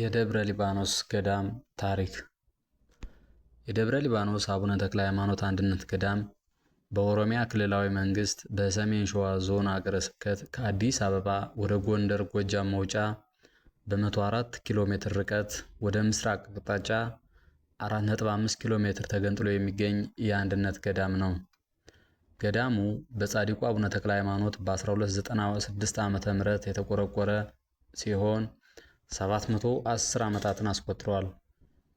የደብረ ሊባኖስ ገዳም ታሪክ የደብረ ሊባኖስ አቡነ ተክለ ሃይማኖት አንድነት ገዳም በኦሮሚያ ክልላዊ መንግስት በሰሜን ሸዋ ዞን አገረ ስብከት ከአዲስ አበባ ወደ ጎንደር ጎጃም መውጫ በ104 ኪሎ ሜትር ርቀት ወደ ምስራቅ አቅጣጫ 4.5 ኪሎ ሜትር ተገንጥሎ የሚገኝ የአንድነት ገዳም ነው። ገዳሙ በጻድቁ አቡነ ተክለ ሃይማኖት በ1296 ዓ ም የተቆረቆረ ሲሆን 710 ዓመታትን አስቆጥረዋል።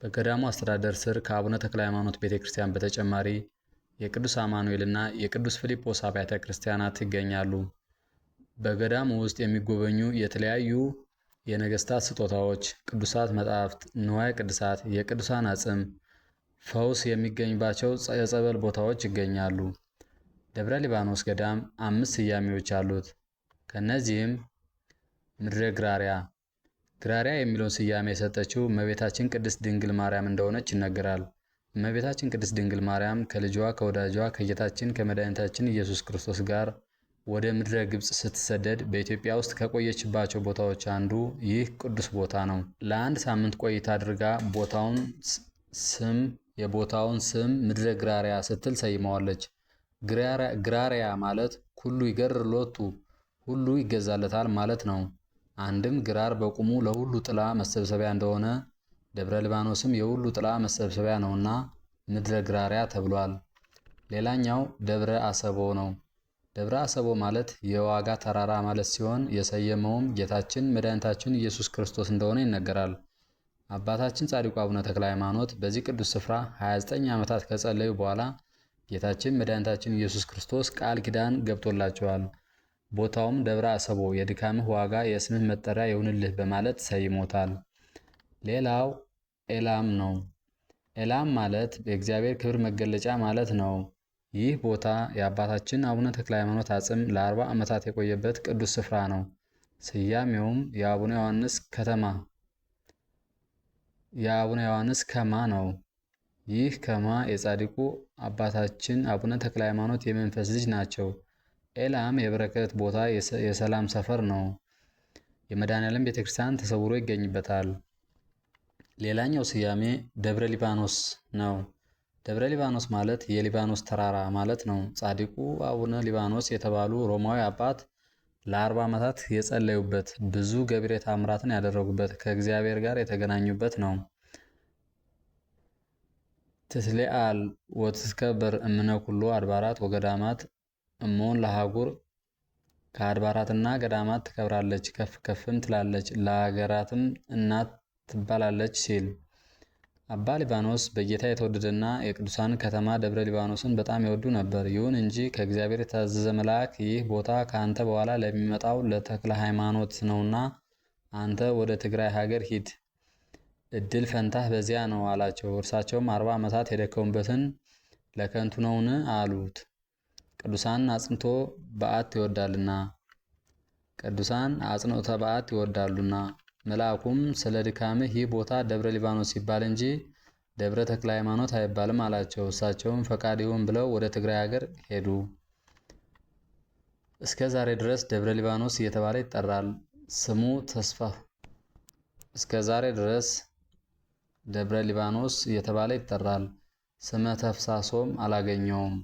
በገዳሙ አስተዳደር ስር ከአቡነ ተክለ ሃይማኖት ቤተ ክርስቲያን በተጨማሪ የቅዱስ አማኑኤልና የቅዱስ ፊልጶስ አብያተ ክርስቲያናት ይገኛሉ። በገዳሙ ውስጥ የሚጎበኙ የተለያዩ የነገስታት ስጦታዎች፣ ቅዱሳት መጻሕፍት፣ ንዋየ ቅድሳት፣ የቅዱሳን አጽም፣ ፈውስ የሚገኝባቸው የጸበል ቦታዎች ይገኛሉ። ደብረ ሊባኖስ ገዳም አምስት ስያሜዎች አሉት። ከእነዚህም ምድረ ግራሪያ ግራሪያ የሚለውን ስያሜ የሰጠችው እመቤታችን ቅድስት ድንግል ማርያም እንደሆነች ይነገራል። እመቤታችን ቅድስት ድንግል ማርያም ከልጇ ከወዳጇ ከጌታችን ከመድኃኒታችን ኢየሱስ ክርስቶስ ጋር ወደ ምድረ ግብፅ ስትሰደድ በኢትዮጵያ ውስጥ ከቆየችባቸው ቦታዎች አንዱ ይህ ቅዱስ ቦታ ነው። ለአንድ ሳምንት ቆይታ አድርጋ ቦታውን ስም የቦታውን ስም ምድረ ግራሪያ ስትል ሰይመዋለች። ግራሪያ ማለት ሁሉ ይገርሎቱ ሁሉ ይገዛለታል ማለት ነው። አንድም ግራር በቁሙ ለሁሉ ጥላ መሰብሰቢያ እንደሆነ ደብረ ሊባኖስም የሁሉ ጥላ መሰብሰቢያ ነውና ምድረ ግራሪያ ተብሏል። ሌላኛው ደብረ አሰቦ ነው። ደብረ አሰቦ ማለት የዋጋ ተራራ ማለት ሲሆን የሰየመውም ጌታችን መድኃኒታችን ኢየሱስ ክርስቶስ እንደሆነ ይነገራል። አባታችን ጻድቁ አቡነ ተክለ ሃይማኖት በዚህ ቅዱስ ስፍራ 29 ዓመታት ከጸለዩ በኋላ ጌታችን መድኃኒታችን ኢየሱስ ክርስቶስ ቃል ኪዳን ገብቶላቸዋል። ቦታውም ደብረ አሰቦ የድካምህ ዋጋ የስምህ መጠሪያ ይሁንልህ በማለት ሰይሞታል። ሌላው ኤላም ነው። ኤላም ማለት የእግዚአብሔር ክብር መገለጫ ማለት ነው። ይህ ቦታ የአባታችን አቡነ ተክለ ሃይማኖት አጽም ለአርባ ዓመታት የቆየበት ቅዱስ ስፍራ ነው። ስያሜውም የአቡነ ዮሐንስ ከተማ የአቡነ ዮሐንስ ከማ ነው። ይህ ከማ የጻድቁ አባታችን አቡነ ተክለ ሃይማኖት የመንፈስ ልጅ ናቸው። ኤላም የበረከት ቦታ፣ የሰላም ሰፈር ነው። የመድኃኔዓለም ቤተክርስቲያን ተሰውሮ ይገኝበታል። ሌላኛው ስያሜ ደብረ ሊባኖስ ነው። ደብረ ሊባኖስ ማለት የሊባኖስ ተራራ ማለት ነው። ጻድቁ አቡነ ሊባኖስ የተባሉ ሮማዊ አባት ለአርባ ዓመታት የጸለዩበት ብዙ ገቢረ ተአምራትን ያደረጉበት ከእግዚአብሔር ጋር የተገናኙበት ነው። ትስሌአል ወትስከበር እምነ ኩሎ አድባራት ወገዳማት እሞን ለአህጉር ከአድባራትና ገዳማት ትከብራለች ከፍ ከፍም ትላለች ለሀገራትም እናት ትባላለች ሲል አባ ሊባኖስ በጌታ የተወደደና የቅዱሳን ከተማ ደብረ ሊባኖስን በጣም ይወዱ ነበር። ይሁን እንጂ ከእግዚአብሔር የታዘዘ መልአክ ይህ ቦታ ከአንተ በኋላ ለሚመጣው ለተክለ ሃይማኖት ነውና አንተ ወደ ትግራይ ሀገር ሂድ፣ እድል ፈንታህ በዚያ ነው አላቸው። እርሳቸውም አርባ ዓመታት የደከሙበትን ለከንቱ ነውን አሉት። ቅዱሳን አጽንቶ በዓት ይወዳልና ቅዱሳን አጽንኦተ በዓት ይወዳሉና መልአኩም ስለ ድካምህ ይህ ቦታ ደብረ ሊባኖስ ይባል እንጂ ደብረ ተክለ ሃይማኖት አይባልም አላቸው። እሳቸውም ፈቃድ ይሁን ብለው ወደ ትግራይ ሀገር ሄዱ። እስከ ዛሬ ድረስ ደብረ ሊባኖስ እየተባለ ይጠራል። ስሙ ተስፋ እስከ ዛሬ ድረስ ደብረ ሊባኖስ እየተባለ ይጠራል። ስመ ተፍሳሶም አላገኘውም።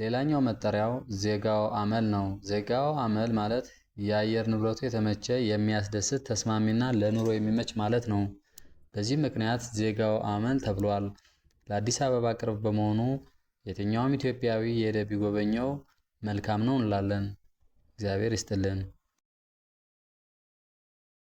ሌላኛው መጠሪያው ዜጋው አመል ነው። ዜጋው አመል ማለት የአየር ንብረቱ የተመቸ የሚያስደስት ተስማሚና ለኑሮ የሚመች ማለት ነው። በዚህ ምክንያት ዜጋው አመል ተብሏል። ለአዲስ አበባ ቅርብ በመሆኑ የትኛውም ኢትዮጵያዊ የሄደ ቢጎበኘው መልካም ነው እንላለን። እግዚአብሔር ይስጥልን።